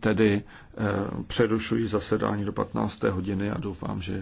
Tedy eh, přerušuji zasedání do 15. hodiny a doufám, že